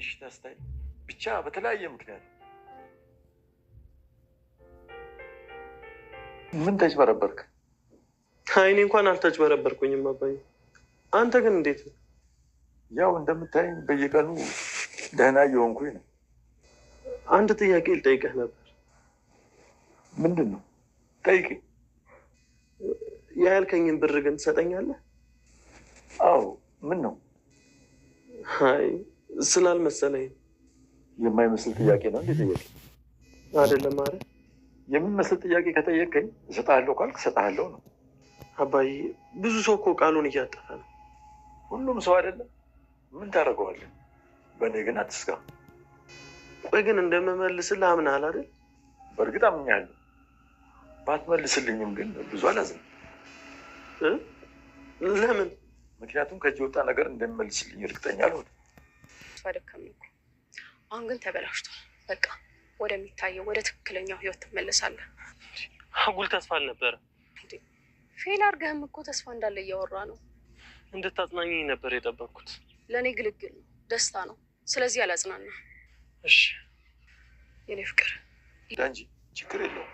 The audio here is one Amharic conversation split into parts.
በሽታ ስታይል ብቻ በተለያየ ምክንያት ምን ተጭበረበርክ? እኔ እንኳን አልተጭበረበርኩኝም አባዬ። አንተ ግን እንዴት ነው? ያው እንደምታይኝ በየቀኑ ደህና እየሆንኩኝ ነው። አንድ ጥያቄ ልጠይቀህ ነበር። ምንድን ነው? ጠይቅ። ያልከኝን ብር ግን ትሰጠኛለህ? አዎ። ምን ነው? አይ ስላልመሰለኝ የማይመስል ጥያቄ ነው እንዴ ጠየቅ አይደለም አረ የሚመስል ጥያቄ ከጠየቀኝ እሰጥሃለሁ ካልክ እሰጥሃለሁ ነው አባዬ ብዙ ሰው እኮ ቃሉን እያጠፈ ነው ሁሉም ሰው አይደለም ምን ታደርገዋለህ በእኔ ግን አትስጋ ቆይ ግን እንደምመልስልህ አምናሃል አይደል በእርግጥ አምኛለሁ ባትመልስልኝም ግን ብዙ አላዝንም ለምን ምክንያቱም ከእጅ ወጣ ነገር እንደሚመልስልኝ እርግጠኛ አልሆነ ደከም እኮ። አሁን ግን ተበላሽቷል። በቃ ወደሚታየው ወደ ትክክለኛው ህይወት ትመለሳለህ። አጉል ተስፋ አልነበረ ፌል አድርገህም እኮ ተስፋ እንዳለ እያወራ ነው። እንድታጽናኝ ነበር የጠበቅኩት። ለእኔ ግልግል ነው፣ ደስታ ነው። ስለዚህ አላጽናና። እሺ የኔ ፍቅር ዳንጂ፣ ችግር የለው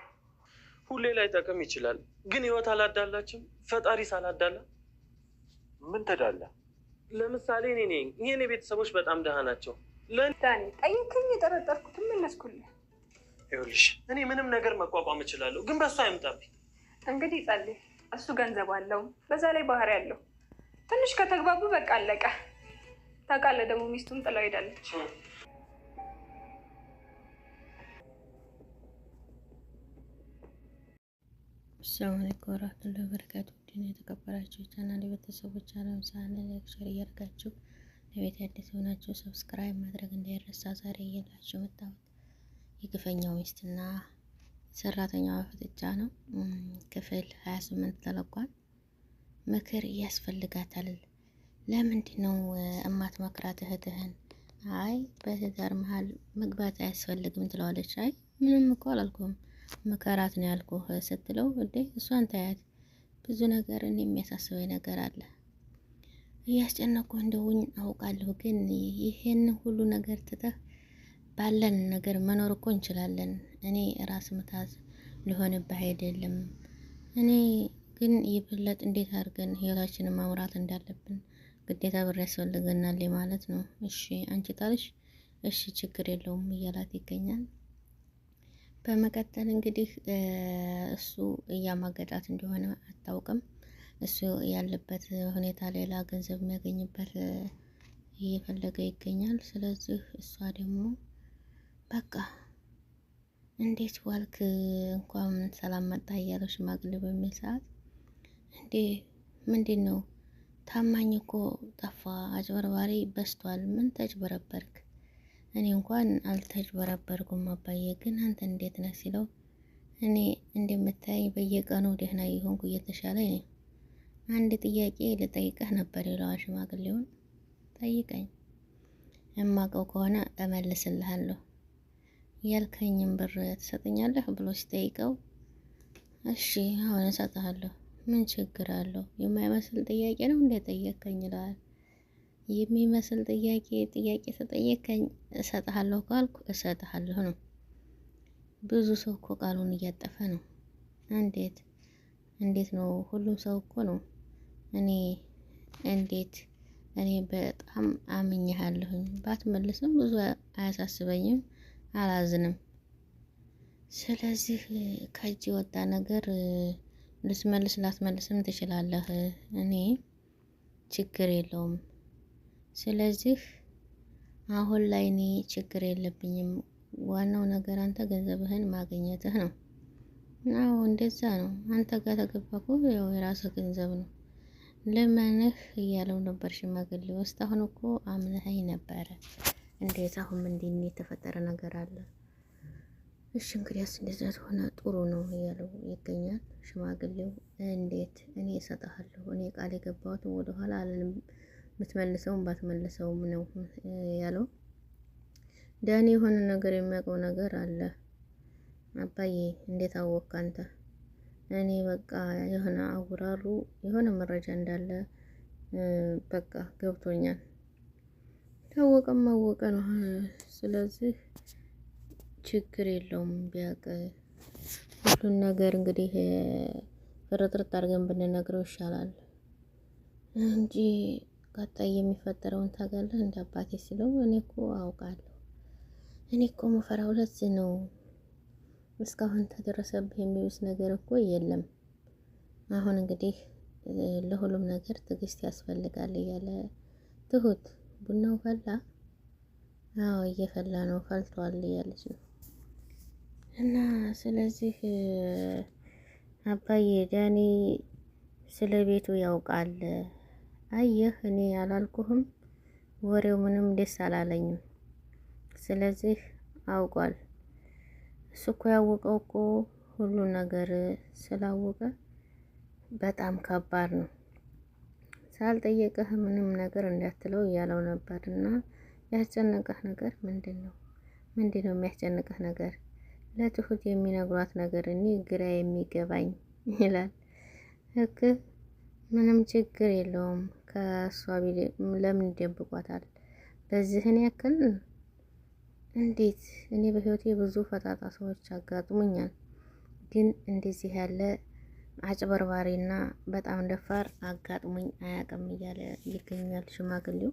ሁሌ ላይ ጠቅም ይችላል፣ ግን ህይወት አላዳላችም። ፈጣሪ ሳላዳላ ምን ተዳላ ለምሳሌ እኔ ነኝ። የእኔ ቤተሰቦች በጣም ደሃ ናቸው። ጠይቅኝ፣ የጠረጠርኩት መለስኩልህ። ይኸውልሽ እኔ ምንም ነገር መቋቋም እችላለሁ፣ ግን በእሱ አይምጣብኝ። እንግዲህ ጸልይ። እሱ ገንዘብ አለው፣ በዛ ላይ ባህሪ አለው። ትንሽ ከተግባቡ በቃ አለቀ። ታውቃለህ፣ ደግሞ ሚስቱን ጥላው ሄዳለች። ሰላም አለይኩም ወራህመቱላሂ ወበረካቱ ውድና የተከበራችሁ የቻናል ቤተሰቦች አለም ሳህን ላይክ፣ ሼር እያደረጋችሁ ለቤት አዲስ የሆናችሁ ሰብስክራይብ ማድረግ እንዳይረሳ። ዛሬ እየላችሁ መጣሁት የግፈኛው ሚስትና ሰራተኛዋ ፍጥጫ ነው። ክፍል 28 ተለቋል። ምክር ያስፈልጋታል። ለምንድን ነው እማት መክራት እህትህን? አይ በትዳር መሀል መግባት አያስፈልግም ትለዋለች። አይ ምንም እኮ አላልኩም መከራት ነው ያልኩህ ስትለው እንዴ እሷን ታያት ብዙ ነገርን የሚያሳስበኝ ነገር አለ። እያስጨነቁ እንደውኝ አውቃለሁ፣ ግን ይህን ሁሉ ነገር ትተህ ባለን ነገር መኖር እኮ እንችላለን። እኔ ራስ ምታዝ ሊሆንብህ አይደለም። እኔ ግን ይበለጥ እንዴት አድርገን ህይወታችንን ማምራት እንዳለብን ግዴታ ብር ያስፈልገናል ማለት ነው። እሺ አንቺ ጣልሽ፣ እሺ ችግር የለውም እያላት ይገኛል። በመቀጠል እንግዲህ እሱ እያማገጣት እንደሆነ አታውቅም። እሱ ያለበት ሁኔታ ሌላ ገንዘብ የሚያገኝበት እየፈለገ ይገኛል። ስለዚህ እሷ ደግሞ በቃ እንዴት ዋልክ እንኳን ሰላም መጣ እያለው ሽማግሌ በሚል ሰዓት እንዴ ምንድን ነው ታማኝ እኮ ጠፋ፣ አጭበርባሪ በስቷል፣ ምን ተጭበረበርክ እኔ እንኳን አልተጭበረበርኩም አባዬ፣ ግን አንተ እንዴት ነህ ሲለው እኔ እንደምታይ በየቀኑ ደህና እየሆንኩ እየተሻለ አንድ ጥያቄ ልጠይቀህ ነበር ይለዋል ሽማግሌውን። ጠይቀኝ፣ የማውቀው ከሆነ እመልስልሃለሁ። ያልከኝም ብር ትሰጠኛለህ ብሎ ሲጠይቀው እሺ አሁን እሰጥሃለሁ፣ ምን ችግር አለው? የማይመስል ጥያቄ ነው እንደ ጠየቅከኝ ይለዋል። የሚመስል ጥያቄ ጥያቄ ተጠየቀኝ እሰጥሃለሁ ካልኩ እሰጥሃለሁ ነው። ብዙ ሰው እኮ ቃሉን እያጠፈ ነው። እንዴት እንዴት ነው? ሁሉም ሰው እኮ ነው። እኔ እንዴት እኔ በጣም አምኜሃለሁኝ። ባትመልስም ብዙ አያሳስበኝም፣ አላዝንም። ስለዚህ ከእጅ ወጣ ነገር ልትመልስ ላትመልስም ትችላለህ። እኔ ችግር የለውም። ስለዚህ አሁን ላይ እኔ ችግር የለብኝም። ዋናው ነገር አንተ ገንዘብህን ማግኘትህ ነው። አዎ እንደዛ ነው። አንተ ጋር ተገባኩ ያው የራስህ ገንዘብ ነው ለምንህ እያለው ነበር ሽማግሌው። አሁን እኮ አምነኸኝ ነበረ። እንዴት አሁን ምንድን የተፈጠረ ነገር አለ? እሺ እንግዲያስ እንደዛ ሆነ ጥሩ ነው እያለው ይገኛል ሽማግሌው። እንዴት እኔ እሰጥሃለሁ፣ እኔ ቃል የገባሁትን ወደኋላ አለንም ብትመልሰውም ባትመልሰውም ነው ያለው። ዳኒ የሆነ ነገር የሚያውቀው ነገር አለ። አባዬ እንዴት አወቅ አንተ? እኔ በቃ የሆነ አውራሩ የሆነ መረጃ እንዳለ በቃ ገብቶኛል። ታወቀም አወቀ ነው። ስለዚህ ችግር የለውም ቢያቀ ሁሉን ነገር እንግዲህ ፍርጥርጥ አድርገን ብንነግረው ይሻላል እንጂ ቀጣይ የሚፈጠረውን ታውቃለህ እንደ አባቴ ስለው እኔ እኮ አውቃለሁ። እኔ እኮ መፈራው ለዚህ ነው። እስካሁን ተደረሰብህ የሚሉት ነገር እኮ የለም። አሁን እንግዲህ ለሁሉም ነገር ትዕግስት ያስፈልጋል እያለ ትሁት ቡናው ፈላ? አዎ እየፈላ ነው ፈልቷል እያለች ነው። እና ስለዚህ አባዬ ዳኒ ስለ ቤቱ ያውቃል አየህ እኔ ያላልኩህም ወሬው ምንም ደስ አላለኝም። ስለዚህ አውቋል። እሱ እኮ ያወቀው እኮ ሁሉ ነገር ስላወቀ በጣም ከባድ ነው። ሳልጠየቀህ ምንም ነገር እንዳትለው እያለው ነበር። እና ያስጨነቀህ ነገር ምንድን ነው? ምንድን ነው የሚያስጨንቀህ ነገር? ለትሁት የሚነግሯት ነገር እኔ ግራ የሚገባኝ ይላል። ህክ ምንም ችግር የለውም ከእሷ ለምን ይደብቋታል? በዚህን ያክል እንዴት? እኔ በህይወቴ ብዙ ፈጣጣ ሰዎች አጋጥሙኛል ግን እንደዚህ ያለ ና በጣም ደፋር አጋጥሙኝ አያውቅም እያለ ይገኛል ሽማግሌው።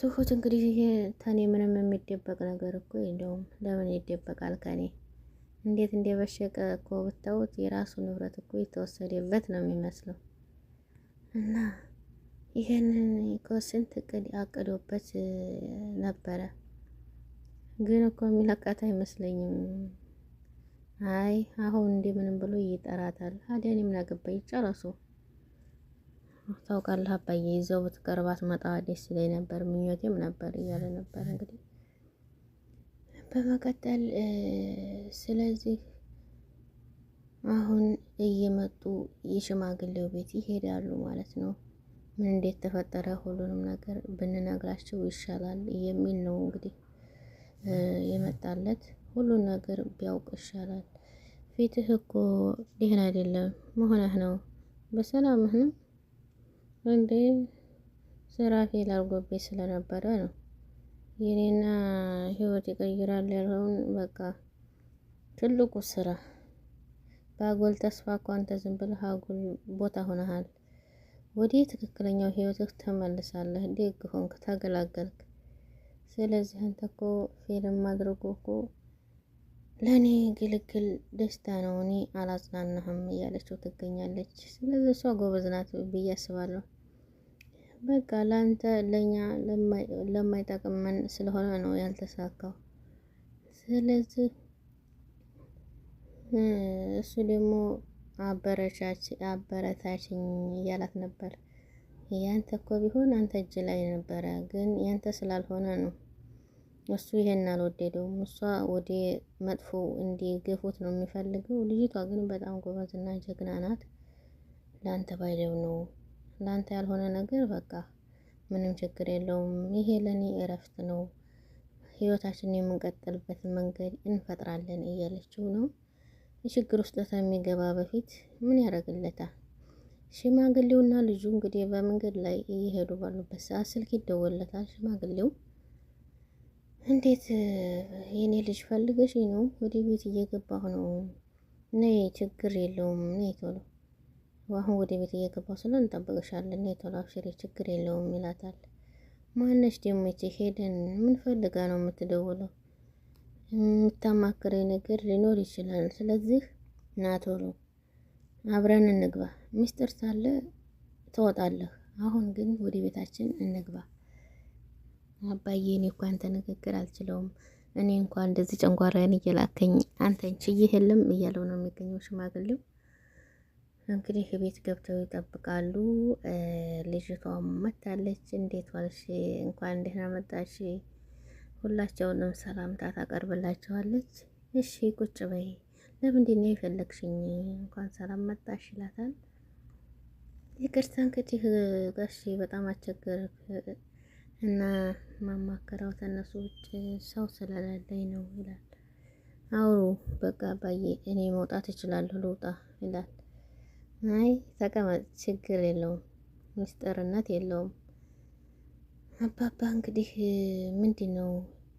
ትሁት እንግዲህ ይሄ ተኔ ምንም የሚደበቅ ነገር እኮ እንደውም ለምን ይደበቃል ከኔ? እንዴት እንደበሸቀ እኮ ብታዩት የራሱ ንብረት እኮ የተወሰደበት ነው የሚመስለው እና ይህንን ከስንት እቅድ አቅዶበት ነበረ፣ ግን እኮ የሚለቃት አይመስለኝም። አይ አሁን እንዲህ ምንም ብሎ ይጠራታል። አዲያን የምናገባ ይጨረሱ አገባኝ? ጨረሱ። ታውቃለህ አባዬ ይዘው ብትቀርባት መጣዋ ደስ ይለኝ ነበር፣ ምኞቴም ነበር እያለ ነበር እንግዲህ በመቀጠል ስለዚህ አሁን እየመጡ የሽማግሌው ቤት ይሄዳሉ ማለት ነው። ምን እንዴት ተፈጠረ ሁሉንም ነገር ብንነግራቸው ይሻላል የሚል ነው እንግዲህ የመጣለት። ሁሉን ነገር ቢያውቅ ይሻላል። ፊትህ እኮ ይህን አይደለም መሆነህ ነው። በሰላምህ ነው እንዴ? ስራ ፌል ስለነበረ ነው የኔና ህይወት ይቀይራል ያለውን በቃ ትልቁ ስራ በአጎል ተስፋ እኮ አንተ ዝም ብለህ አጉል ቦታ ሆነሃል። ወደ ትክክለኛው ህይወትህ ተመልሳለህ። ደግ ሆንክ፣ ተገላገልክ። ስለዚህ አንተ እኮ ፊልም አድርጎ እኮ ለእኔ ግልግል ደስታ ነው፣ እኔ አላጽናናህም እያለችው ትገኛለች። ስለዚህ እሷ ጎበዝ ናት ብዬ አስባለሁ። በቃ ለአንተ ለእኛ ለማይጠቅመን ስለሆነ ነው ያልተሳካው። ስለዚህ እሱ ደግሞ አበረታችኝ እያላት ነበር። ያንተ እኮ ቢሆን አንተ እጅ ላይ ነበረ፣ ግን ያንተ ስላልሆነ ነው። እሱ ይሄን አልወደደውም። እሷ ወደ መጥፎ እንዲገፉት ነው የሚፈልገው። ልጅቷ ግን በጣም ጎበዝና ጀግና ናት። ለአንተ ባይደው ነው ለአንተ ያልሆነ ነገር በቃ ምንም ችግር የለውም። ይሄ ለእኔ እረፍት ነው። ህይወታችንን የምንቀጥልበትን መንገድ እንፈጥራለን እያለችው ነው። ችግር ውስጥ ከሚገባ በፊት ምን ያደርግለታል? ሽማግሌውና ልጁ እንግዲህ በመንገድ ላይ እየሄዱ ባሉበት ሰዓት ስልክ ይደወለታል። ሽማግሌው እንዴት የኔ ልጅ ፈልገሽ ነው? ወደ ቤት እየገባሁ ነው። ነይ፣ ችግር የለውም ነይ ቶሎ። አሁን ወደ ቤት እየገባሁ ስለ እንጠብቅሻለን። ነይ ቶሎ አብሽሪ፣ ችግር የለውም ይላታል። ማነሽ ደግሞ ይቺ ሄደን ምን ፈልጋ ነው የምትደውለው? የምታማክረኝ ነገር ሊኖር ይችላል። ስለዚህ ና አብረን እንግባ። ሚስጥር ሳለ ትወጣለህ። አሁን ግን ወደ ቤታችን እንግባ። አባዬ እኔ እንኳን አንተ አልችለውም። እኔ እንኳን እንደዚህ ጨንጓራዬን እየላከኝ አንተን ችዬህ የለም እያለው ነው የሚገኘው ሽማግሌው። እንግዲህ ቤት ገብተው ይጠብቃሉ። ልጅቷ መታለች። እንዴት ዋልሽ? እንኳን ደህና መጣሽ ሁላቸውንም ሰላምታ ታቀርብላቸዋለች። እሺ ቁጭ በይ፣ ለምንድን ነው የፈለግሽኝ? እንኳን ሰላም መጣሽ ይላታል። ይቅርታ እንግዲህ ጋሽ በጣም አስቸገርክ እና ማማከራው ተነሱ ውጭ ሰው ስለሌለኝ ነው ይላል። አውሩ በቃ አባዬ እኔ መውጣት እችላለሁ ልውጣ ይላል። አይ ተቀመጥ፣ ችግር የለውም ምስጢርነት የለውም አባባ እንግዲህ ምንድን ነው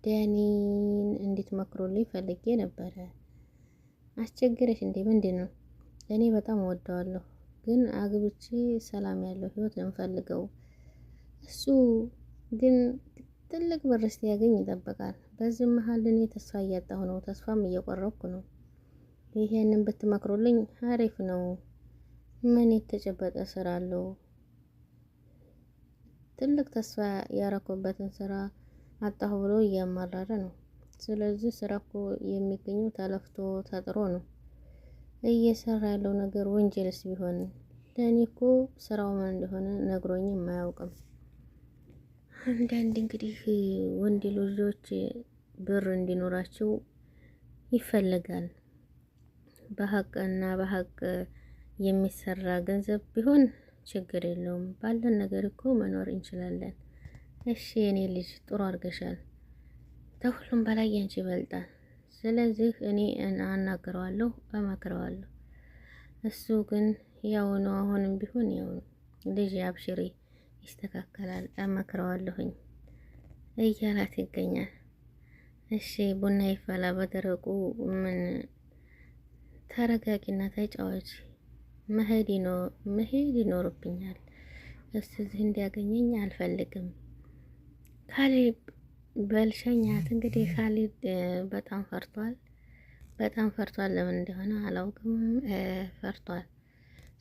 ዳኒን እንዴት መክሮልኝ ፈልጌ ነበረ። አስቸግረሽ እንዴ? ምንድን ነው እኔ በጣም ወደዋለሁ፣ ግን አግብቼ ሰላም ያለው ህይወት ነው ፈልገው። እሱ ግን ትልቅ በር ሲያገኝ ይጠብቃል። በዚህ መሀል እኔ ተስፋ እያጣሁ ነው፣ ተስፋም እየቆረኩ ነው። ይሄንን ብትመክሩልኝ አሪፍ ነው። ምን የተጨበጠ ስራ አለው? ትልቅ ተስፋ ያረኩበትን ስራ አጣሁ ብሎ እያማረረ ነው። ስለዚህ ስራ እኮ የሚገኘው ተለፍቶ ተጥሮ ነው። እየሰራ ያለው ነገር ወንጀልስ ቢሆን ለእኔ እኮ ስራው ምን እንደሆነ ነግሮኝም አያውቅም። አንዳንድ እንግዲህ ወንድ ልጆች ብር እንዲኖራቸው ይፈልጋል። በሀቅና በሀቅ የሚሰራ ገንዘብ ቢሆን ችግር የለውም። ባለን ነገር እኮ መኖር እንችላለን። እሺ የኔ ልጅ ጥሩ አድርገሻል። ከሁሉም በላይ ያንቺ ይበልጣል። ስለዚህ እኔ አናግረዋለሁ፣ እመክረዋለሁ። እሱ ግን ያው ነው፣ አሁንም ቢሆን ያው ነው። ልጅ አብሽሪ፣ ይስተካከላል፣ እመክረዋለሁኝ እያላት ይገኛል። እሺ ቡና ይፈላ በደረቁ ምን ተረጋጊና ተጫዋች መሄድ ይኖርብኛል። እሱ እዚህ እንዲያገኘኝ አልፈልግም። ካሌብ በልሸኛት እንግዲህ ካሌብ በጣም ፈርቷል። በጣም ፈርቷል። ለምን እንደሆነ አላውቅም፣ ፈርቷል።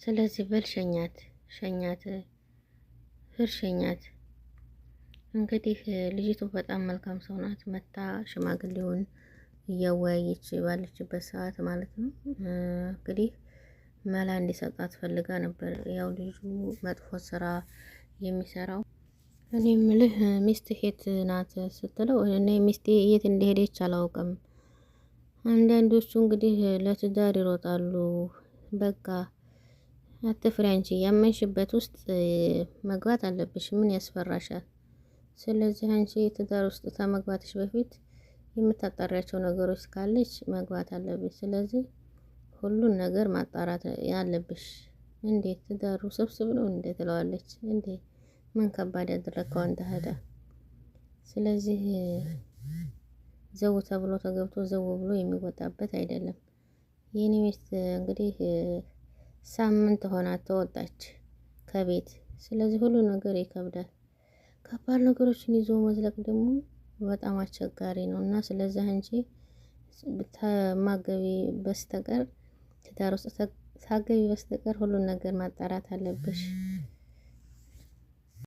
ስለዚህ በልሸኛት ሸኛት ፍርሸኛት እንግዲህ ልጅቱ በጣም መልካም ሰው ናት። መታ ሽማግሌውን እያወያየች ባለችበት ሰዓት ማለት ነው እንግዲህ መላ እንዲሰጣት ፈልጋ ነበር። ያው ልጁ መጥፎ ስራ የሚሰራው እኔ ምልህ ሚስት ሄት ናት ስትለው እኔ ሚስቴ የት እንደሄደች አላውቅም። አንዳንዶቹ እንግዲህ ለትዳር ይሮጣሉ። በቃ አትፍሪ አንቺ ያመንሽበት ውስጥ መግባት አለብሽ። ምን ያስፈራሻል? ስለዚህ አንቺ ትዳር ውስጥ ከመግባትሽ በፊት የምታጣሪያቸው ነገሮች ካለች መግባት አለብሽ። ስለዚህ ሁሉን ነገር ማጣራት ያለብሽ። እንዴት ትዳሩ ስብስብ ነው እንዴ ትለዋለች። እንዴ ምን ከባድ ያደረግከው አንተ ሄደ። ስለዚህ ዘው ተብሎ ተገብቶ ዘው ብሎ የሚወጣበት አይደለም። የኔ ሚስት እንግዲህ ሳምንት ሆና ተወጣች ከቤት። ስለዚህ ሁሉ ነገር ይከብዳል። ከባድ ነገሮችን ይዞ መዝለቅ ደግሞ በጣም አስቸጋሪ ነው እና ስለዚህ አንቺ ብታማገቢ በስተቀር ትዳር ውስጥ ሳገቢ በስተቀር ሁሉን ነገር ማጣራት አለብሽ።